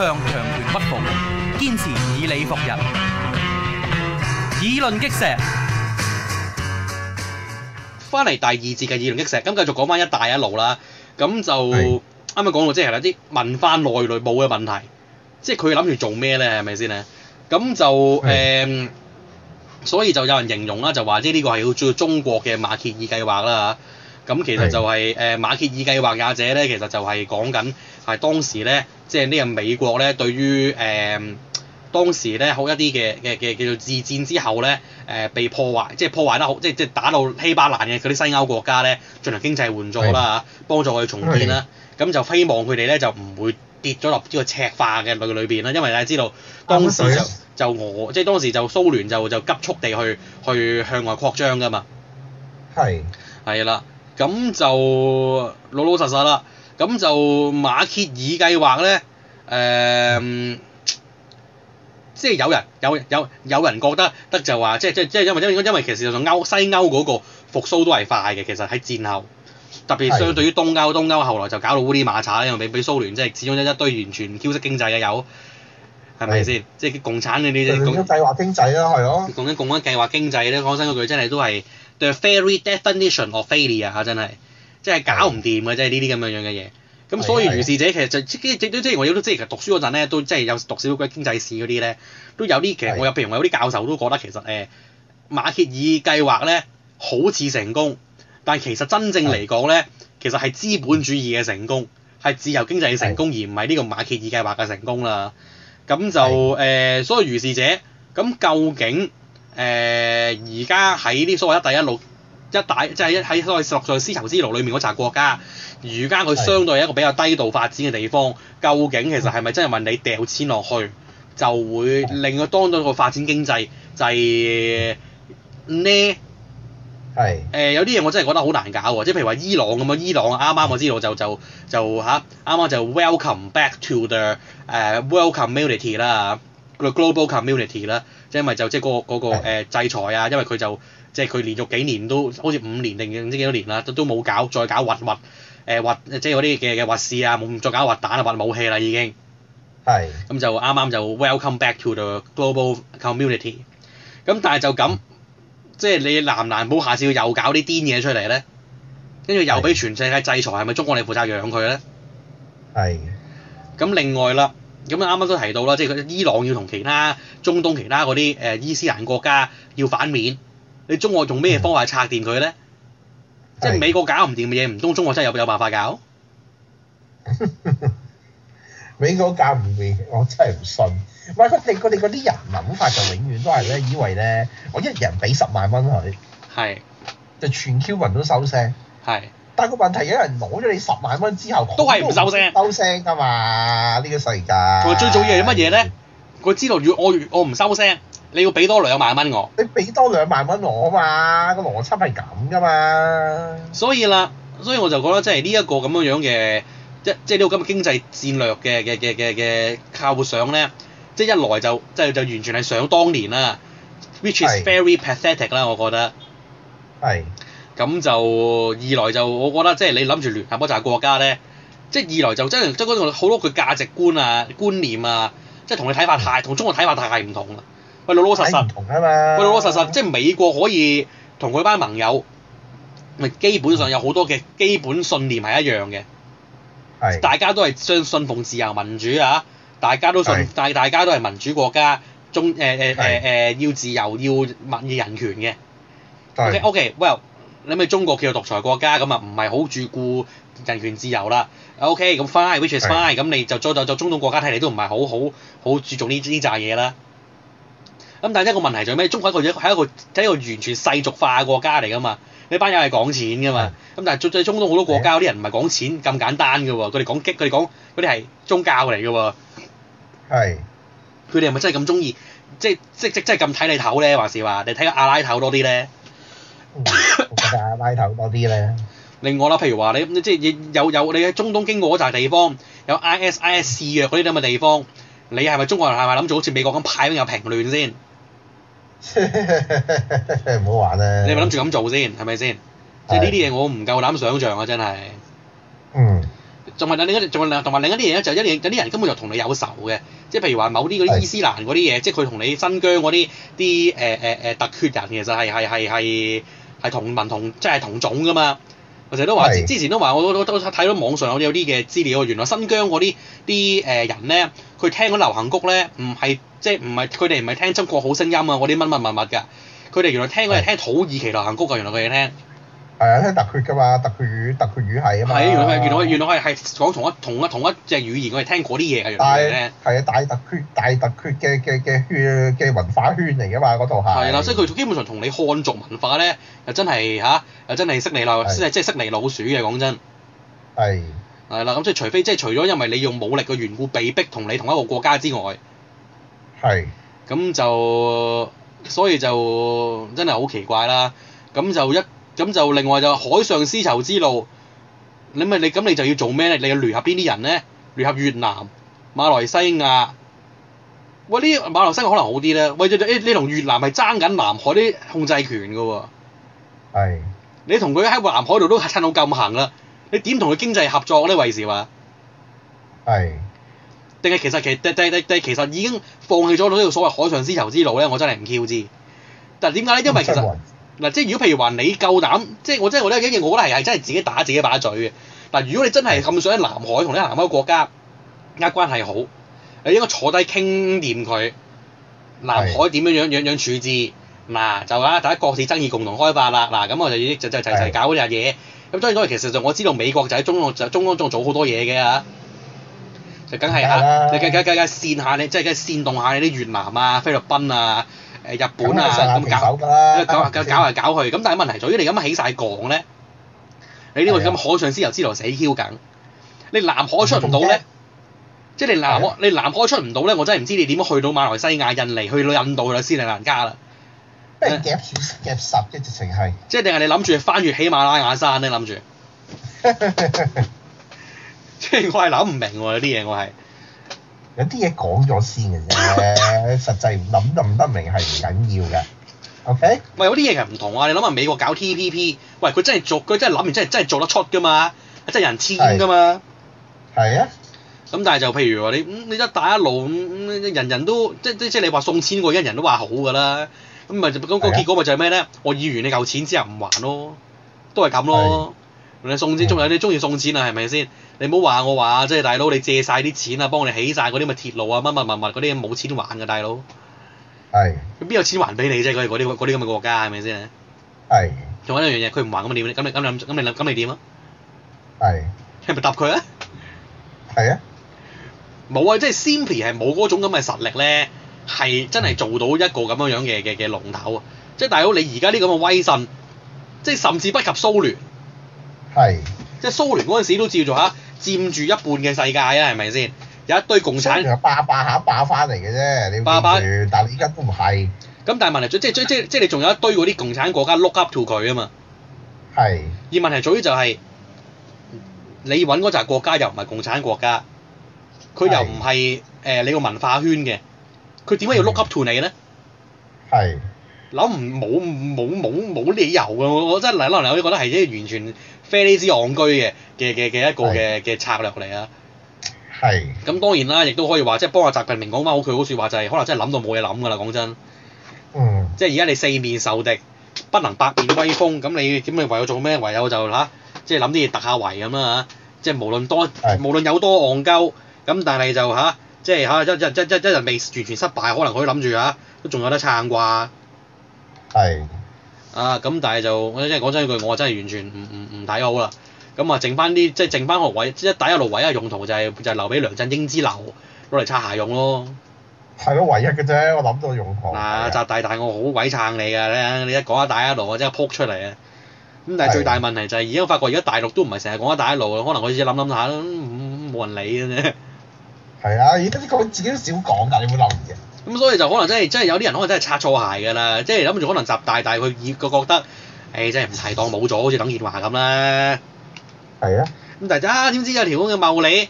不向強權屈服，堅持以理服人。議論擊石，翻嚟第二節嘅議論擊石，咁繼續講翻一帶一路啦。咁就啱啱講到即係是有啲文化內在部嘅問題，即係佢諗住做咩咧？係咪先咧？咁就誒是、呃，所以就有人形容啦，就話即係呢個係要做中國嘅馬歇爾計劃啦，咁其實就係、是、誒是馬歇爾計劃也者咧，其實就係講緊。係當時咧，即係呢個美國咧，對於誒當時咧好一啲嘅嘅嘅叫做二戰之後咧，誒被破壞，即係破壞得好，即係即係打到稀巴爛嘅嗰啲西歐國家咧，進行經濟援助啦嚇，幫助佢重建啦，咁就希望佢哋咧就唔會跌咗落呢個赤化嘅裏裏邊啦，因為大家知道當時就俄，即係當時就蘇聯就就急速地去去向外擴張噶嘛，係係啦，咁就老老實實啦。咁就馬歇爾計劃咧，誒、呃，即係有人有有有人覺得得就話，即係即係即係因為因為因為其實上西歐嗰個復甦都係快嘅，其實喺戰後，特別相對於東歐，的東歐後來就搞到烏哩馬叉，因為俾俾蘇聯，即係始終一一堆完全嬌息經濟嘅友，係咪先？即係共產呢啲。共產計劃經濟啦、啊，係咯。共產共產計劃經濟咧，講真嗰句真係都係 the very definition of failure 啊，真係。即係搞唔掂嘅，即係呢啲咁樣樣嘅嘢。咁所以如是者是是其實就即係，即到之前我有都即係讀書嗰陣咧，是是都即係有讀少少經濟史嗰啲咧，都有啲其實我有譬如，為有啲教授都覺得其實誒、呃、馬歇爾計劃咧好似成功，但係其實真正嚟講咧，是 其實係資本主義嘅成功，係是 自由經濟嘅成功，是 而唔係呢個馬歇爾計劃嘅成功啦。咁就誒、呃，所以如是者咁究竟誒而家喺呢所謂一帶一路。一帶即係一喺所謂落在絲綢之路裏面嗰紮國家，而家佢相對係一個比較低度發展嘅地方，的究竟其實係咪真係問你掉錢落去就會令佢當到個發展經濟就係、是、呢？係、呃、誒的、呃、有啲嘢我真係覺得好難搞喎，即係譬如話伊朗咁樣，伊朗啱啱我知道就就就吓，啱、啊、啱就 welcome back to the 誒、uh, welcome community 啦、uh,，global community 啦、uh, uh, 那個，即係咪就即係嗰嗰個的制裁啊？因為佢就即係佢連續幾年都好似五年定唔知幾多年啦，都都冇搞再搞核、呃、核誒核即係嗰啲嘅嘅核試啊，冇、就是、再搞核彈啦，核武器啦已經。係是。咁就啱啱就 Welcome Back to the Global Community。咁但係就咁，嗯、即係你難唔難冇下次要又搞啲癲嘢出嚟咧，跟住又俾全世界制裁，係咪是中國你負責養佢咧？係是。咁另外啦，咁啱啱都提到啦，即係伊朗要同其他中東、東其他嗰啲誒伊斯蘭國家要反面。你中國用咩方法拆掂佢咧？即係美國搞唔掂嘅嘢，唔通中國真係有有辦法搞？美國搞唔掂，我真係唔信。唔係佢哋佢哋嗰啲人諗法就永遠都係咧，以為咧我一人俾十萬蚊佢，係就全 Q 羣都收聲。係，但係個問題有人攞咗你十萬蚊之後，都係唔收聲。收聲㗎嘛？呢個世界。同埋最重要嘢係乜嘢咧？佢知道越我越我唔收聲。你要俾多兩萬蚊我，你俾多兩萬蚊我啊嘛，個邏輯係咁㗎嘛。所以啦，所以我就覺得這這即係呢一個咁樣樣嘅一即係呢個咁嘅經濟戰略嘅嘅嘅嘅嘅構想咧，即係一來就即係就，就完全係想當年啦是，which is very pathetic 啦，我覺得。係是。咁就二來就我覺得即係你諗住聯合國就國家咧，即係二來就真係真係嗰個好多嘅價值觀啊觀念啊，即係同你睇法太同中國睇法太唔同啦。喂，老老實實，喂，老老實實，即係美國可以同佢班盟友，咪基本上有好多嘅基本信念係一樣嘅。是大家都係將信奉自由民主啊，大家都信，是但大家都係民主國家，中誒誒誒誒要自由要民嘅人權嘅是，OK OK，well，okay. 你咪中國叫做獨裁國家，咁啊唔係好注顧人權自由啦，OK，咁 fine which is fine，咁是你就再就就，就，就，就，就，就，就中東，東，東國家睇嚟都唔係好好好注重呢呢揸嘢啦。咁但係一個問題就係咩？中國佢一係一個係一個完全世俗化國家嚟㗎嘛？你班友係講錢㗎嘛？咁但係最最中東好多國家，啲人唔係講錢咁簡單㗎喎，佢哋講激，佢哋講嗰啲係宗教嚟㗎喎。係。佢哋係咪真係咁中意？即係即即真係咁睇你頭咧，還是話你睇下阿拉頭多啲咧？睇阿拉頭多啲咧。另外啦，譬如話你你即係有有你喺中東經過嗰扎地方，有 I S I S 示弱嗰啲咁嘅地方，你係咪中國人係咪諗住好似美國咁派兵入平亂先？唔好 玩啊了！你咪諗住咁做先，係咪先？即係呢啲嘢我唔夠膽想像啊！真係。嗯。仲埋另一啲，仲埋同埋另一啲嘢，就因為有啲人根本就同你有仇嘅。即係譬如話某啲嗰啲伊斯蘭嗰啲嘢，的即係佢同你新疆嗰啲啲誒誒誒突厥人，其實係係係係係同民同即係同種㗎嘛。我成日都話，的之前都話，我都我睇到網上些有有啲嘅資料，原來新疆嗰啲啲誒人咧，佢聽嗰流行曲咧，唔係。即係唔係佢哋唔係聽中國好聲音啊！嗰啲乜乜乜乜㗎，佢哋原來聽佢哋聽土耳其流行曲㗎，原來佢哋聽。係啊，聽突厥㗎嘛，突厥語，突厥語系啊嘛。係原來係原來原來可以係講同一同一同一隻語言，我哋聽嗰啲嘢㗎，原來咧。係啊，大突厥大突厥嘅嘅嘅嘅文化圈嚟㗎嘛，嗰度係。係啦，所以佢基本上同你漢族文化咧，又真係嚇，又真係識你老，先係即係識你老鼠嘅講真。係。係啦，咁即係除非即係除咗因為你用武力嘅緣故被逼同你同一個國家之外。係，咁就所以就真係好奇怪啦。咁就一咁就另外就海上絲綢之路，你咪你咁你就要做咩咧？你要聯合邊啲人咧？聯合越南、馬來西亞。喂，呢馬來西亞可能好啲咧。喂，你同越南係爭緊南海啲控制權嘅喎。係是的。你同佢喺南海度都趁到咁行啦，你點同佢經濟合作咧？為時話。係。定係其實其實其實已經放棄咗呢條所謂海上絲綢之路咧，我真係唔知。嗱，點解咧？因為其實嗱，即係如果譬如話你夠膽，即係我真係覺得，因為我覺得係係真係自己打自己把嘴嘅。嗱，如果你真係咁想喺南海同啲南海國家呃，關係好，你應該坐低傾掂佢。南海點樣樣樣樣處置？嗱是、啊、就啊，大家各自爭議共同開發啦。嗱、啊、咁我就要就就就，就，就，就搞呢樣嘢。咁是當然其實就我知道美國就喺中澳就中澳仲做好多嘢嘅嚇。就梗係嚇，你梗計計計煽下你，即係梗煽動下你啲越南啊、菲律賓啊、誒日本啊咁搞，搞搞搞嚟搞去。咁但係問題在於你咁起晒槓咧，你呢了你個咁海上絲綢之路死囂緊，你南海出唔到咧，即係你南海你南海出唔到咧，我真係唔知你點去到馬來西亞、印尼、去到印度啦、斯里蘭卡啦，俾人夾住夾塞嘅直情係。即係定係你諗住翻越喜馬拉雅山咧？諗住。 即係 我係諗唔明喎，有啲嘢我係有啲嘢講咗先嘅啫， 實際諗得唔得明係唔緊要嘅。OK 喂，有啲嘢係唔同啊！你諗下美國搞 TPP，喂，佢真係做，佢真係諗完真係真係做得出㗎嘛？真係有人簽㗎嘛？係啊。咁但係就譬如話你，你一帶一路，人人都即即即你話送錢，個一人都話好㗎啦。咁咪咁個結果咪就係咩咧？的我以預你嚿錢之後唔還咯，都係咁咯。的你送錢，仲有啲鍾意送錢啊？係咪先？你唔好話我話、啊，即係大佬，你借晒啲錢啊，幫我哋起晒嗰啲咪鐵路啊，乜乜乜乜嗰啲冇錢還㗎，大佬。係是。佢邊有錢還俾你啫？佢哋嗰啲咁嘅國家係咪先？係。仲有一樣嘢，佢唔還咁點？咁你咁你咁你咁你點啊？係是。係咪答佢啊？係啊。冇 啊！即係 Simply 係冇嗰種咁嘅實力咧，係真係做到一個咁嘅樣嘅嘅嘅龍頭啊、嗯！即係大佬，你而家啲咁嘅威信，即係甚至不及蘇聯。係，即係蘇聯嗰陣時都照做嚇，佔住一半嘅世界啦，係咪先？有一堆共產，係啊，霸霸下霸翻嚟嘅啫，你霸霸，但係你依家都唔係。咁但係問題最即係即係即係你仲有一堆嗰啲共產國家 look up to 佢啊嘛。係。而問題最就係，你揾嗰陣國家又唔係共產國家，佢又唔係誒你個文化圈嘅，佢點解要 look up to 你咧？係。諗唔冇冇冇冇理由㗎，我真係嚟落嚟我都覺得係即係完全。非呢支戇居嘅嘅嘅嘅一個嘅嘅策略嚟啊，係的。咁當然啦，亦都可以話，即係幫阿習近平講翻好佢嗰句話就係、是，可能真係諗到冇嘢諗㗎啦，講真。嗯。即係而家你四面受敵，不能百面威風，咁你點咪唯有做咩？唯有就吓，即係諗啲嘢突下圍咁啊嚇！即、就、係、是、無論多，的無論有多戇鳩，咁但係就吓，即係嚇一一一一一日未完全失敗，可能佢諗住嚇都仲有得撐啩。係、啊。啊，咁但係就，我真係講真一句，我真係完全唔唔唔睇好啦。咁、嗯、啊，剩翻啲即係剩翻學位，即一帶一路唯一嘅，用途就係、是、就係、是、留俾梁振英之流攞嚟擦鞋用咯。係咯，唯一嘅啫，我諗到用途。嗱、啊，習大，大，大我好鬼撐你㗎，你你一講一帶一路，我真係撲出嚟啊！咁但係最大問題就係而家發覺，而家大陸都唔係成日講一帶一路嘅，可能我只諗諗下都冇人理嘅啫。係啊，而家啲講自己都少講㗎，你會諗嘅。咁所以就可能真係真係有啲人可能真係擦錯鞋㗎啦，即係諗住可能習大，大係佢以個覺得，誒、欸、真係唔係當冇咗，好似等建華咁啦。係啊的。咁大家點知有條咁嘅茂利，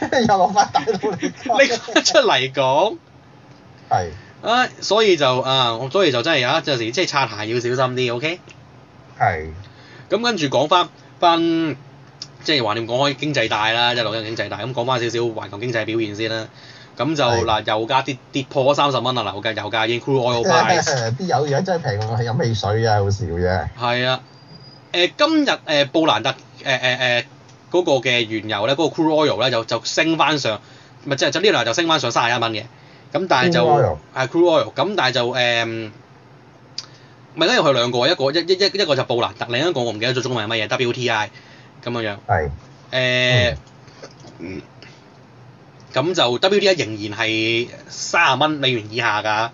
又攞翻大道理 出嚟講。係的、啊。啊，所以就啊，所以就真係有陣時，即係擦鞋要小心啲，OK？係的。咁跟住講翻、嗯，即係話掂講開經濟帶啦，即係講緊經濟帶。咁講翻少少環球經濟表現先啦。咁就嗱油價跌跌破三十蚊啦嗱，好緊油價已經 crude oil。啲油嘢真係平啊，係飲汽水啊好少啫。係啊，誒今日誒布蘭特誒誒誒嗰個嘅原油咧，嗰個 crude oil 咧就就升翻上，唔係即係就呢輪就升翻上三十一蚊嘅。咁但係就係 crude oil，咁但係就誒，唔係因為佢兩個啊，一個一一一一個就布蘭特，另一個我唔記得咗中文係乜嘢，WTI 咁樣。係。誒。咁就 WTI 仍然係三十蚊美元以下㗎，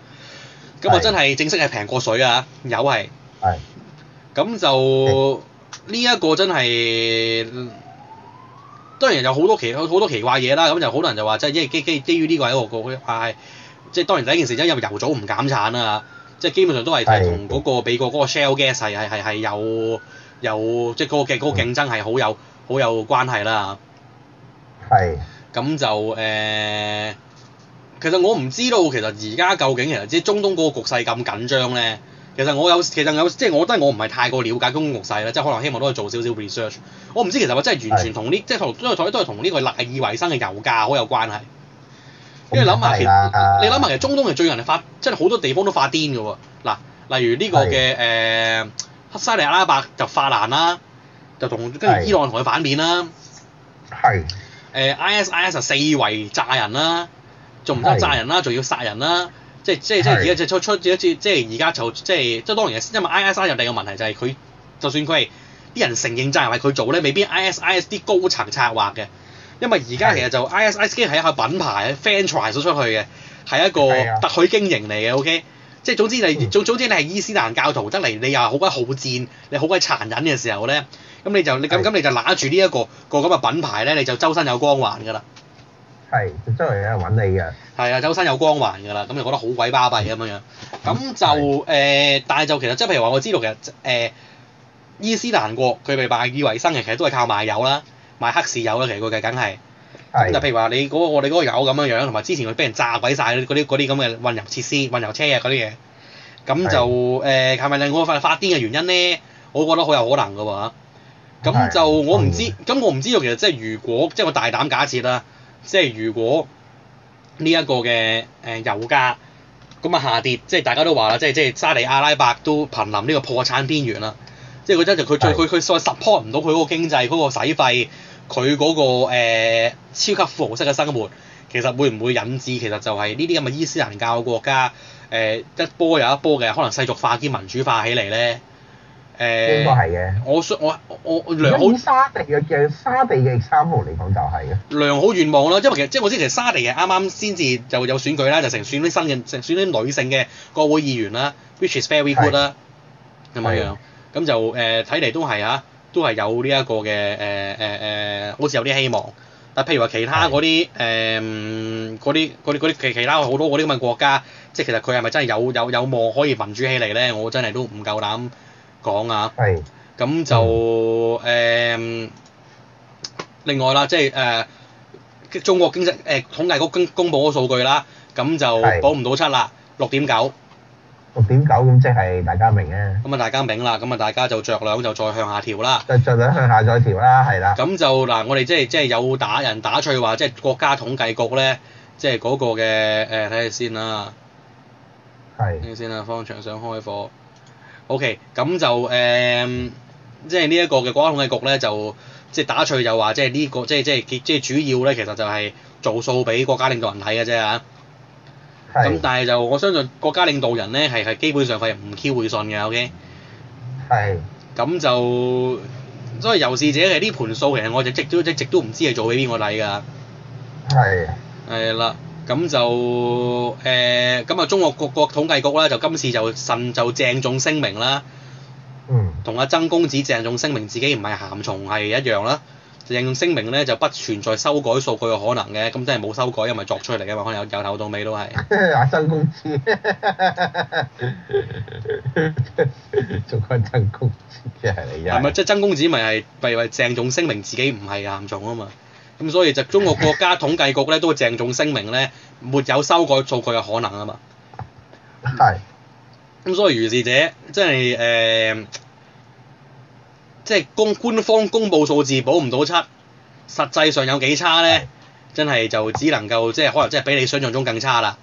咁就真係正式係平過水啊，油係。係是。咁就呢一是個真係，當然有好多奇好多奇怪嘢啦。咁就好多人就話即係基基基於呢個位喎，個、啊、唉，即係當然第一件事因為油早唔減產啦，即係基本上都係同嗰個美國嗰個 Shell Gas 係係有有即係嗰個競嗰個競爭係好有好有關係啦。係是。咁就誒，其實我唔知道，其實而家究竟其實即係中東個局勢咁緊張咧。其實我有，其實有，即係我覺得我唔係太過了解中東局勢啦，即係可能希望都可做少少 research。我唔知其實我真係完全同呢，即係同都都同呢個賴以為生嘅油價好有關係。因為諗下其實你諗下其實中東其實最近發，即係好多地方都發癲嘅喎。嗱，例如呢個嘅誒，黑沙地阿拉伯就發難啦，就同跟住伊朗同佢反面啦。係。誒 I S、呃、I S 係四圍炸人啦、啊，仲唔單炸人啦、啊，仲要殺人啦、啊的，即係即係即係而家就出出即係即係而家就即係即係當然因為 I S I S 有第二個問題就係佢，就算佢係啲人承認炸人係佢做咧，未必 I S I S 啲高層策劃嘅，因為而家其實就 I S I 的 S 機係一個品牌，fan try 咗出去嘅，係一個特許經營嚟嘅，O K，即係總之就總、是嗯、總之你係伊斯蘭教徒得嚟，你又係好鬼好戰，你好鬼殘忍嘅時候咧。咁你就你咁咁你就揦住呢一個個咁嘅品牌咧，你就周身有光環㗎啦。係，周圍有人揾你㗎。係啊，周身有光環㗎啦，咁又覺得好鬼巴閉咁樣樣。咁就誒、呃，但係就其實即係譬如話，我知道其實誒，伊斯蘭國佢哋賴以為生嘅其實都係靠賣油啦，賣黑市油啦，其實佢哋梗係。係。就譬如話你嗰個你嗰個油咁樣樣，同埋之前佢俾人炸鬼晒嗰啲嗰啲咁嘅運油設施、運油車啊嗰啲嘢，咁就誒係咪另外一個發癲嘅原因咧？我覺得好有可能㗎喎。咁就我唔知，咁的我唔知道其實即係如果，即係我大膽假設啦，即係如果呢一個嘅誒油價咁啊下跌，即係大家都話啦，即係即係沙地阿拉伯都瀕臨呢個破產邊緣啦，即係佢真就佢再佢佢 support 唔到佢嗰個經濟嗰個使費，佢嗰個誒超級富豪式嘅生活，其實會唔會引致其實就係呢啲咁嘅伊斯蘭教國家誒一波又一波嘅可能世俗化兼民主化起嚟咧？誒、呃、應該係嘅，我我我良好沙地嘅沙地嘅三號嚟講就係嘅良好願望啦，因為其實即係我知其實沙地嘅啱啱先至就有選舉啦，就成選啲新嘅成選啲女性嘅國會議員啦，which is very good 啦是，咁啊樣咁是就誒睇嚟都係啊，都係有呢一個嘅誒誒誒，好、呃、似、呃呃、有啲希望。但譬如話其他嗰啲誒嗰啲嗰啲嗰其其他好多嗰啲咁嘅國家，即係其實佢係咪真係有有有望可以民主起嚟咧？我真係都唔夠膽。講啊嚇，咁就誒另外啦，即係誒中國經濟誒統計局公公佈嗰個數據啦，咁就保唔到七啦，六點九，六點九咁即係大家明啊，咁啊大家明啦，咁啊大家就著兩就再向下調啦，就著兩向下再調啦，係啦，咁就嗱我哋即係即係有打人打趣話，即係國家統計局咧，即係嗰個嘅誒睇下先啦，係睇下先啦，方長想開火。OK，咁就誒，即係呢一個嘅國家統計局咧，就即係打趣就話，即係呢個，即係即係佢，即係主要咧，其實就係做數俾國家領導人睇嘅啫嚇。係。咁但係就我相信國家領導人咧，係係基本上佢係唔 Q 會信嘅，OK。係。咁就所以遊視者係呢盤數，其實我哋一直都一直都唔知係做俾邊個睇㗎。係。係啦。咁就誒，咁啊，中國各國統計局咧，就今次就神就鄭重聲明啦，嗯，同阿曾公子鄭重聲明自己唔係鹹蟲係一樣啦，就鄭重聲明咧就不存在修改數據嘅可能嘅，咁真係冇修改啊，咪作出嚟啊嘛，可能由由頭到尾都係阿曾公子，做個曾公子即係你啊，係咪即係曾公子咪係譬如鄭重聲明自己唔係鹹蟲啊嘛？咁所以就中國國家統計局咧都鄭重聲明咧，沒有修改數據嘅可能啊嘛。係是。咁所以如是者，真係誒、呃，即係公官方公佈數字保唔到七，實際上有幾差咧？是真係就只能夠即係可能即係比你想象中更差啦。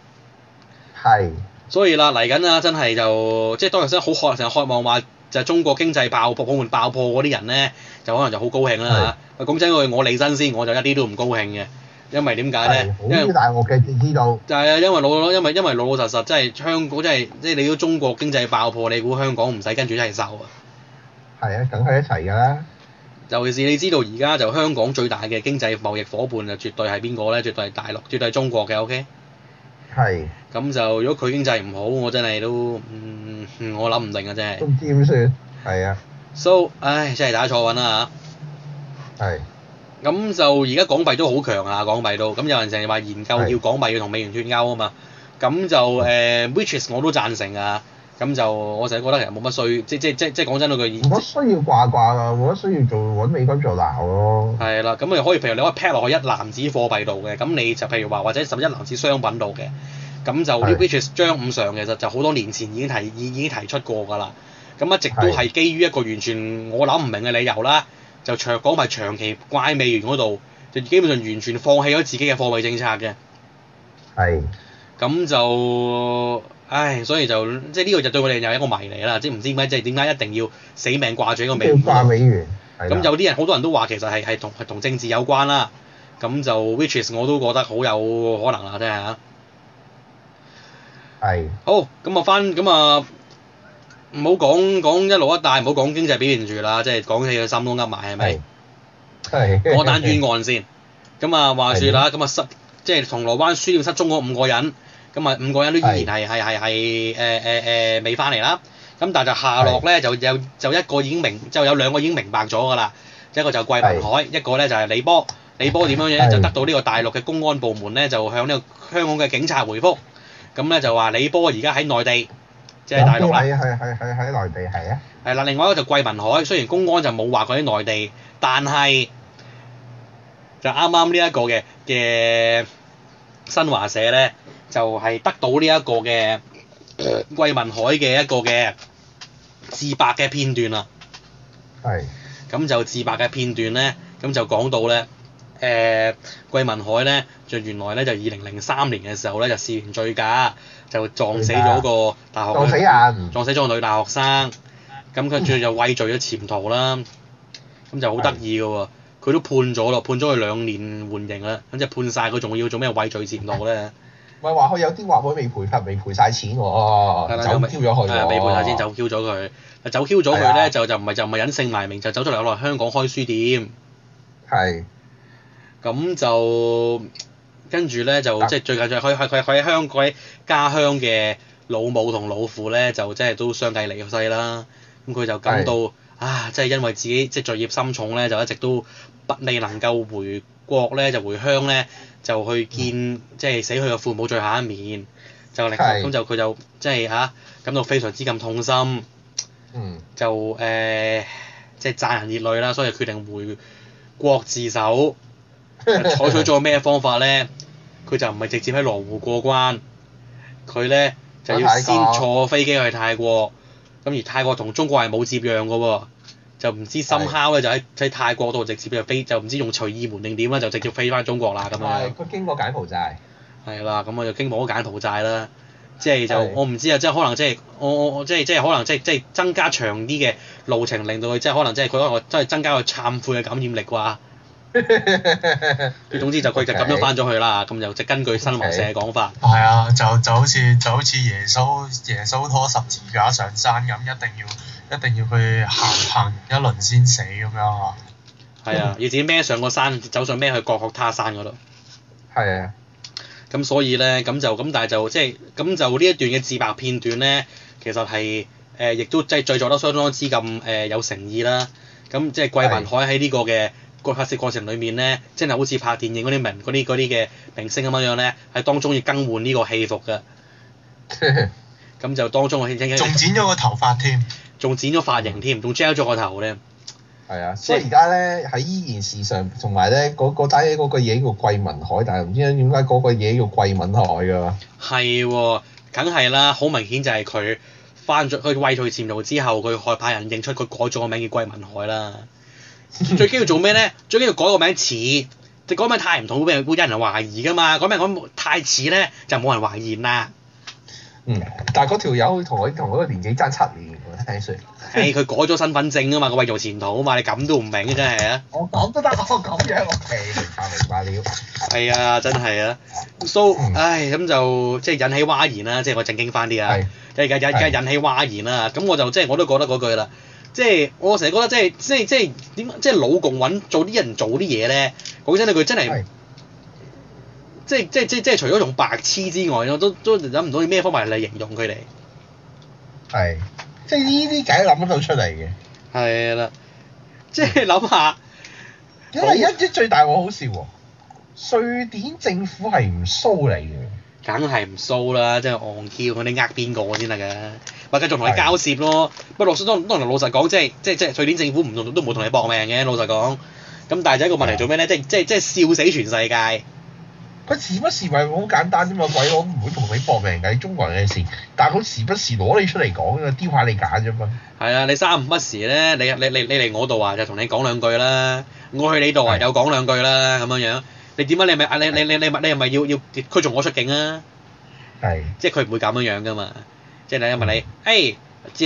係是。所以啦，嚟緊啊，真係就即係當時真係好渴，成日渴望話就係中國經濟爆破，好冇爆破嗰啲人咧。就可能就好高興啦嚇！講真句，我李新先我就一啲都唔高興嘅，因為點解呢？因為但係我嘅知道就係啊，因為老老因為因為老老實實真係香港真係即係你都中國經濟爆破，你估香港唔使跟住一齊受啊？係啊，梗係一齊㗎啦！尤其是你知道而家就香港最大嘅經濟貿易夥伴就絕對係邊個呢？絕對係大陸，絕對係中國嘅，OK？係。咁就如果佢經濟唔好，我真係都嗯嗯，我諗唔定啊！真係。都唔知點算。係啊。So，唉，真係打錯運啦嚇。係是。咁就而家港幣都好強啊，港幣都，咁有人成日話研究要港幣要同美元脫鈎啊嘛。咁就誒 which 我都贊成啊。咁就我成日覺得其實冇乜需要，即即即即，即，即講真嗰句。冇乜需要掛掛啊，冇乜需要做揾美金做鬧咯。係啦，咁你可以譬如你可以 peg 落去一籃子貨幣度嘅，咁你就譬如話或者十一籃子商品度嘅。咁就 which 張五常其實就好多年前已經提已已經提出過㗎啦。的咁、嗯、一直都係基於一個完全我諗唔明嘅理由啦，的就長講埋長期掛美元嗰度，就基本上完全放棄咗自己嘅貨幣政策嘅。係的。咁、嗯、就，唉，所以就即係呢、這個就對我哋又一個謎嚟啦，即係唔知點解即係點解一定要死命掛住呢個美元。掛美元。咁、嗯、有啲人好多人都話其實係係同同政治有關啦，咁、嗯、就 which is 我都覺得好有可能啊，真係嚇。係的。好，咁、嗯、啊，翻咁啊。嗯嗯嗯唔好講講一路一帶，唔好講經濟表現住啦，即係講起個心都噏埋係咪？係。我等轉冤案先。咁啊，話說啦，咁啊失，即係銅鑼灣輸入失蹤嗰五個人，咁啊五個人都依然係係係係誒誒誒未翻嚟啦。咁、呃呃呃、但係就下落咧，是就有就一個已經明，就有兩個已經明白咗㗎啦。一個就桂民海，是一個咧就係李波。李波點樣樣是就得到呢個大陸嘅公安部門咧，就向呢、這個香港嘅警察回覆。咁咧就話李波而家喺內地。即係大陸啊！係啊，係係係喺內地係啊。係啦，另外一個就桂民海，雖然公安就冇話佢喺內地，但係就啱啱呢一個嘅嘅新華社咧，就係得到呢一個嘅桂民海嘅一個嘅自白嘅片段啦。係。咁就自白嘅片段咧，咁就講到咧，誒桂民海咧。原來咧，就二零零三年嘅時候咧，就試完醉駕，就撞死咗個大學撞死人，撞死咗個女大學生。咁佢仲要就畏罪咗潛逃啦，咁就好得意嘅喎。佢都判咗咯，判咗佢兩年緩刑啦。咁即係判晒，佢仲要做咩畏罪潛逃咧？唔係話佢有啲話佢未賠，未賠晒錢喎。走 Q 咗佢，未賠晒錢就 Q 咗佢。啊，走 Q 咗佢咧，就就唔係就唔係隱姓埋名，就走咗嚟喺香港開書店。係。咁就。跟住咧，就即係最近就佢佢佢喺香港喺家鄉嘅老母同老父咧，就即係都相繼離世啦。咁佢就感到是啊，即、就、係、是、因為自己即係罪孽深重咧，就一直都不未能夠回國咧，就回鄉咧，就去見即係、嗯、死去嘅父母最後一面，就令咁是就佢就即係嚇感到非常之咁痛心。嗯、就誒，即係催人熱淚啦，所以決定回國自首。採取咗咩方法咧？ 佢就唔係直接喺羅湖過關，佢咧就要先坐飛機去泰國，咁而泰國同中國係冇接壤嘅喎，就唔知深敲咧是就喺喺泰國度直接飛就飛就唔知用隨意門定點啦，就直接飛翻中國啦咁樣。係，佢經過柬埔寨。係啦，咁我就經過咗柬埔寨啦，即係就是我唔知啊，即係可能即係我我我即係即係可能即係即係增加長啲嘅路程，令到佢即係可能即係佢可能我真係增加個懺悔嘅感染力啩。佢 總之就佢就咁樣翻咗去啦。咁又即根據新華社嘅講法，係啊，就就好似就好似耶穌耶穌拖十字架上山咁，一定要一定要去行行一輪先死咁樣啊。係啊，要自己孭上個山，走上孭去各各他山嗰度。係 啊。咁所以咧，咁就咁，但係就即係咁就呢一段嘅自白片段咧，其實係誒亦都即係製作得相當之咁誒、呃、有誠意啦。咁即係桂民海喺呢個嘅。 個拍攝過程裡面咧，真係好似拍電影嗰啲明啲啲嘅明星咁樣樣咧，喺當中要更換呢個戲服嘅。咁 就當中，仲剪咗個頭髮添，仲剪咗髮型添，仲、嗯、剪咗、嗯 嗰個頭咧。係啊，即係而家咧，喺依然時尚，同埋咧嗰個單嘅嗰個嘢叫桂民海，但係唔知點解嗰個嘢叫桂民海㗎。係喎、哦，梗係啦，好明顯就係佢翻咗，去畏罪潛逃之後，佢害怕人認出佢改咗個名叫桂民海啦。 最緊要做咩咧？最緊要改個名，似。你改名，改名，改名太唔同，會俾人會有人懷疑噶嘛。改名改太似咧，就冇人懷疑啦。嗯。但係嗰條友同佢同我個年紀爭七年睇睇算。佢、哎、改咗身份證啊嘛，佢為做前途啊嘛，你咁都唔明嘅真係啊。 我咁都得我，我咁樣我明。明明白了。係啊，真係啊。So，唉，咁就即係引起嘩然啦，即係我正經翻啲啊。係。即係即係即係引起嘩然啊！咁我就即係我都覺得嗰句啦。即係我成日覺得即係即係即係點即係老共揾做啲人做啲嘢咧，講真咧，佢真係即係即係即係除咗用白痴之外，我都都諗唔到要咩方法嚟形容佢哋。係。即係呢啲仔諗到出嚟嘅。係啦。即係諗下。因為一家最大鑊好笑喎，瑞典政府係唔蘇嚟嘅。梗係唔蘇啦，即係戇跳，我哋呃邊個先得㗎？咪繼仲同你交涉咯，不過老實都都同老實講，即係即係即係瑞典政府唔用都冇同你搏命嘅老實講。咁但係就一個問題做咩咧，啊？即係即係即係笑死全世界。佢時不時咪好簡單啫嘛，鬼佬唔會同你搏命嘅，中國人嘅事。但係佢時不時攞你出嚟講啊，丟下你揀咁嘛？係啊，你三五乜時咧，你你你你嚟我度啊，就同你講兩句啦，我去你度啊，是又講兩句啦，咁樣樣。你點解你咪啊？你是是是你你你你係咪要要驅逐我出境啊？係是。 即係佢唔會咁樣樣噶嘛。即係第一問你，誒，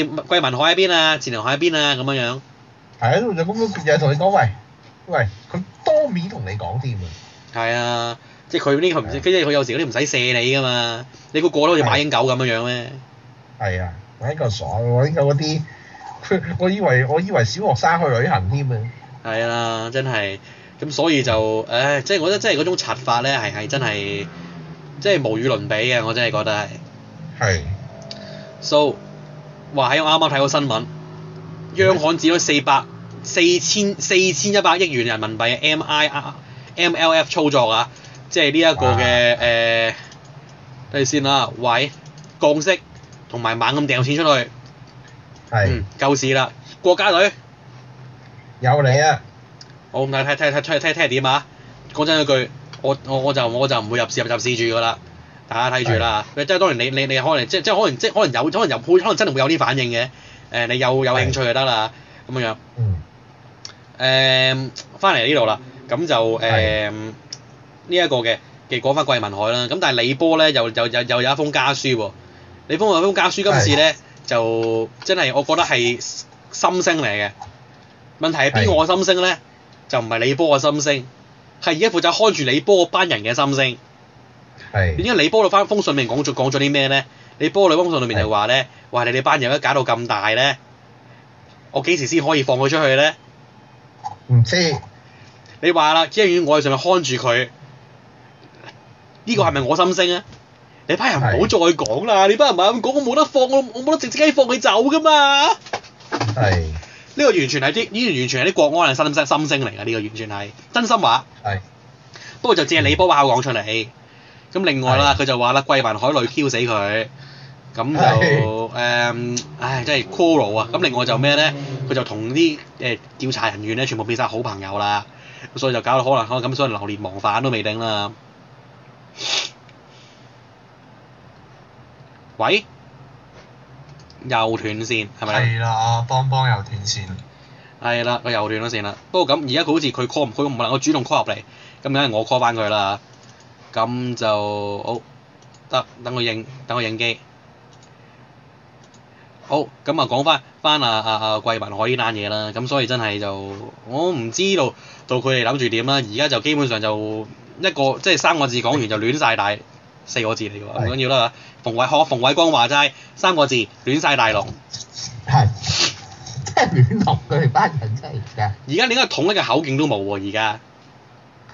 漸桂民海喺邊啊？漸龍海喺邊啊？咁樣樣係啊，就咁樣又係同你講，喂喂，佢當面同你講添啊。係啊，即係佢呢啲佢唔識，即係佢有時啲唔使射你㗎嘛，你個個都好似馬英九咁樣樣咩？係啊，我喺度爽喎，有嗰啲，我以為我以為小學生去旅行添啊。係啊，真係，咁所以就，誒，即係我覺得即係嗰種策法咧，係係真係，即係無與倫比嘅，我真係覺得係。係。so，話喺我啱啱睇過新聞，videos, What are 央行只咗四百四千四千一百億元人民幣 MLF 操作啊，即係呢一個嘅誒，睇先啦，喂，降息同埋猛咁掟錢出去，係，嗯，夠市啦，國家隊，有你啊，我唔睇睇睇睇睇睇睇點啊，講真嗰句，我我我就我就唔會入入入市住噶啦。大家睇住啦，的即係當然你你你可能即係即係可能即係可能有可能有會可能真係會有啲反應嘅，誒、呃、你有有興趣就得啦，咁樣樣。的嗯。翻嚟呢度啦，咁就誒呢一個嘅嘅講翻桂文海啦，咁但係李波咧又又又又有一封家書喎，李波有封家書今次咧的就真係我覺得係心聲嚟嘅，問題係邊個嘅心聲咧？就唔係李波嘅心聲，係而家負責看住李波班人嘅心聲。點解你波到翻封信裏面講咗講咗啲咩咧？你波嗰封信裏面就話咧，話，是的 你哋班人而家搞到咁大咧，我幾時先可以放佢出去咧？唔知你話啦，只係要我係上面看住佢，呢個係咪我心聲啊？嗯、你班人唔好再講啦！是的 你班人唔係咁講，我冇得放，我我冇得直接放佢走噶嘛？係呢是的 個完全係啲呢完全係啲國安嘅心聲心聲嚟噶，呢、這個完全係、這個、真心話。係是的 不過就借係你波把口講出嚟。的 咁另外啦，佢的就話啦，桂蘭海女 q 死佢，咁就誒的、嗯，唉，真係 call 啊！咁另外就咩咧？佢就同啲誒調查人員咧，全部變晒好朋友啦，所以就搞到可能可能咁，所以流連忘返都未定啦。喂？又斷線係咪？係啦，邦邦又斷線。係啦，佢又斷咗線啦。不過咁而家佢好似佢 call 唔 c 唔能，我主動 call 入嚟，咁梗係我 call 翻佢啦。咁就好，得等我影，等我影機。好，咁啊講翻翻啊啊啊桂民海呢單嘢啦，咁所以真係就我唔知道到佢哋諗住點啦。而家就基本上就一個即係三個字講完，就亂曬大，四個字嚟嘅喎，唔緊要啦嚇。馮偉可馮偉光話齋三個字，亂曬大龍，係即係亂龍，佢哋班人真係而家而家連一個統一嘅口徑都冇喎而家。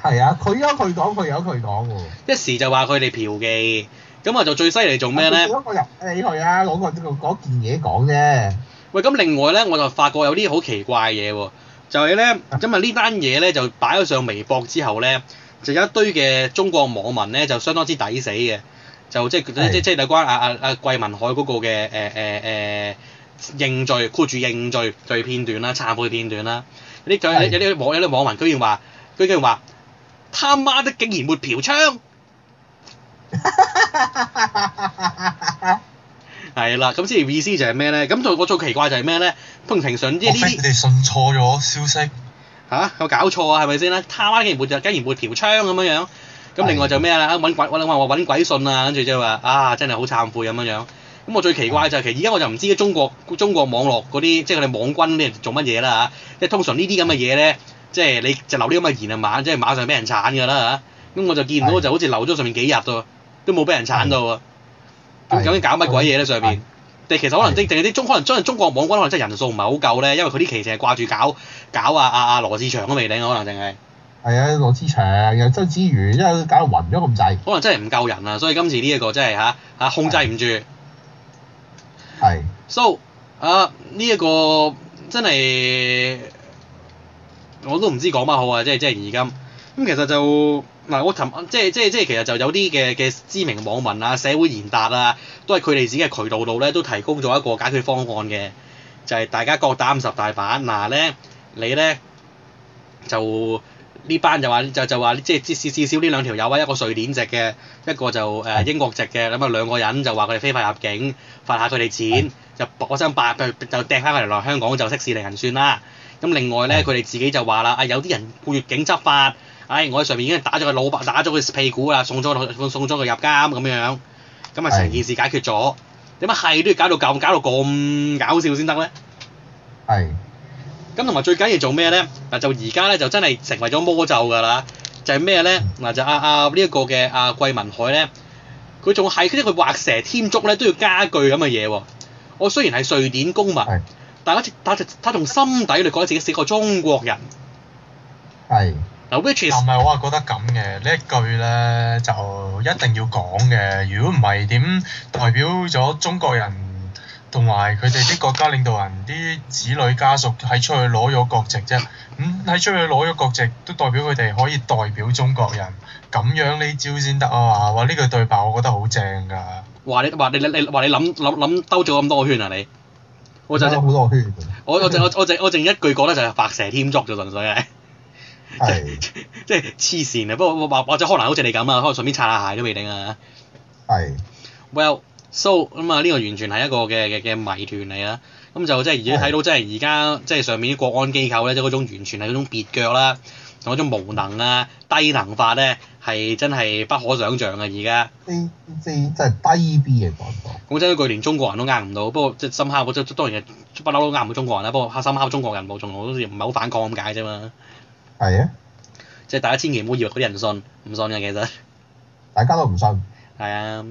係啊，佢有講佢有講，佢有講佢有講喎。一時就話佢哋嫖妓，咁啊就最犀利做咩咧？我入你去啊！嗰個嗰嗰件嘢講啫。喂，咁另外咧，我就發覺有啲好奇怪嘅嘢喎，就係咧咁啊呢單嘢咧就擺咗上微博之後咧，就有一堆嘅中國網民咧就相當之抵死嘅，就即係即即係關阿阿阿桂文海嗰個嘅誒誒誒認罪括住認罪罪片段啦、懺悔嘅片段啦，有啲有啲網有啲網民居然話，居然話。他媽的竟然沒嫖娼，係 啦， 咁即係意思就係咩咧？咁我我最奇怪就係咩咧？通常上即係呢啲，你哋信錯咗消息嚇，有搞錯啊？係咪先咧？他媽竟然沒就竟然沒嫖娼咁樣樣，咁另外就咩啊？揾鬼揾揾鬼信啊！跟住即係話啊，真係好慚愧咁樣樣。咁我最奇怪就係其而家我就唔知中國中國網絡嗰啲即係佢哋網軍啲人做乜嘢啦嚇。即、啊、係通常這這呢啲咁嘅嘢咧。即係你就留啲咁嘅言啊，晚即係馬上俾人鏟㗎啦。咁我就見到，就好似留咗上面幾日啫，都冇俾人鏟到喎。咁究竟搞乜鬼嘢咧上面？但以其實可能淨淨係啲中國人、啊啊，可能真係中國網軍可能真係人數唔係好夠咧，因為佢啲棋淨係掛住搞搞啊啊啊羅志祥都未定。可能淨係。係啊，羅志祥又周子瑜，真係搞到暈咗咁滯。可能真係唔夠人啊，所以今次呢、這、一個真係吓，嚇、啊、控制唔住。係。So 啊，呢、這、一個真係～我都唔知講乜好啊！即係即係而家咁，其實就嗱，我即係即係即係，其實就有啲嘅嘅知名網民啊、社會賢達啊，都係佢哋自己嘅渠道度咧，都提供咗一個解決方案嘅，就係、是、大家各打五十大板。嗱咧，你咧就呢班就話就就話，即係至少呢兩條友啊，一個瑞典籍嘅，一個就誒、呃、英國籍嘅，咁啊兩個人就話佢哋非法入境，罰下佢哋錢，就攞張白據就掟翻佢哋落香港就息事寧人算啦。咁另外咧，佢哋、哎、自己就話啦，啊有啲人配越警執法，唉、哎，我喺上面已經打咗個老伯，打咗佢屁股啦，送咗佢，送咗佢入監咁樣，咁啊成件事解決咗，點解係都要搞到咁，搞到咁搞笑先得咧？係、哎。咁同埋最緊要做咩咧？嗱就而家咧就真係成為咗魔咒㗎啦，就係咩咧？嗱就阿阿呢一個嘅阿、啊、桂民海咧，佢仲係即係佢畫蛇添足咧都要加句咁嘅嘢喎。我、哦、雖然係瑞典公民。哎大家打著打從心底裏覺得，自己是一個中國人。係。嗱，which is。唔係我話覺得咁嘅，呢一句咧就一定要講嘅。如果唔係點代表咗中國人同埋佢哋啲國家領導人啲子女家屬喺出去攞咗國籍啫？咁喺出去攞咗國籍都代表佢哋可以代表中國人。咁樣呢招先得啊嘛！話呢句對白，我覺得好正㗎。話你話你你話你諗，諗諗兜咗咁多圈啊你？我就係好多圈我，我我就我我就我正一句講咧，就白蛇添足就純粹係， 是 即即黐線啊！不過或或者可能好似你咁啊，可能順便擦下鞋都未定啊。係是。Well, so 咁、嗯、啊，呢、這個完全係一個嘅嘅嘅謎團嚟啊。咁、嗯、就即而家睇到，是即而家即上面啲國安機構咧，即嗰種完全係嗰種別腳啦。嗰種無能啊、低能化咧，係真係不可想像啊！而家，即啲真係低 B 嘅感覺。咁真係句連中國人都呃唔到，不過即係深刻，即係當然係不嬲都呃唔到中國人啦。不過深刻中國人冇中，好似唔係好反抗咁解啫嘛。係啊，即係大家千祈唔好以為啲人信，唔信嘅其實，大家都唔信。係啊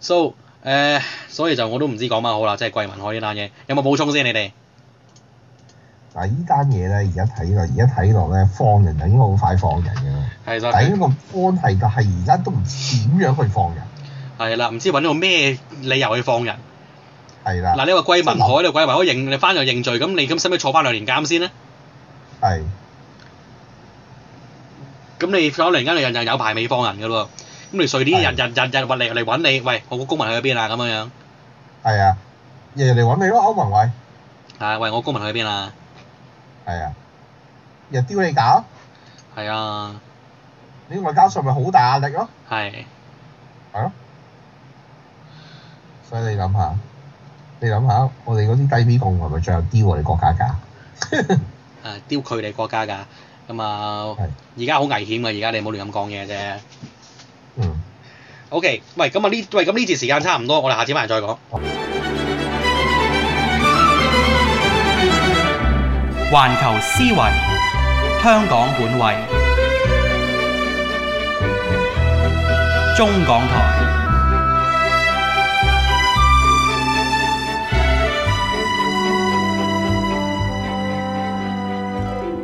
，so 誒、呃，所以就我都唔知講乜好啦，即係桂民海呢單嘢，有冇補充先你哋？嗱呢單嘢咧，而家睇落，而家睇落咧，放人就應該好快放人嘅。係咯。第一個方係，但係而家都唔知點樣去放人。係啦，唔知揾到咩理由去放人。係啦。嗱你話桂民海，你桂民海認你翻又認罪，咁你咁使唔使坐翻兩年監先咧？係。咁你坐兩年監，你日日有排未放人嘅喎？咁你碎啲日日日日揾嚟嚟揾你，喂，我個公民去咗邊啊？咁樣樣。係啊。日日嚟揾你咯，桂民海。係，喂，我公民去咗邊啊？係啊，又丟你搞，係啊，你外交上咪好大壓力咯，係、啊，係咯、啊，所以你諗下，你諗下，我哋嗰啲低比共係咪最後丟我哋國家㗎？誒 丟佢哋國家㗎，咁啊，而家好危險啊，而家你唔好亂咁講嘢啫。嗯。嗯、o、okay, K，喂，咁啊呢，喂，咁呢段時間差唔多，我哋下次返嚟再講。環球思維，香港本位，中港台。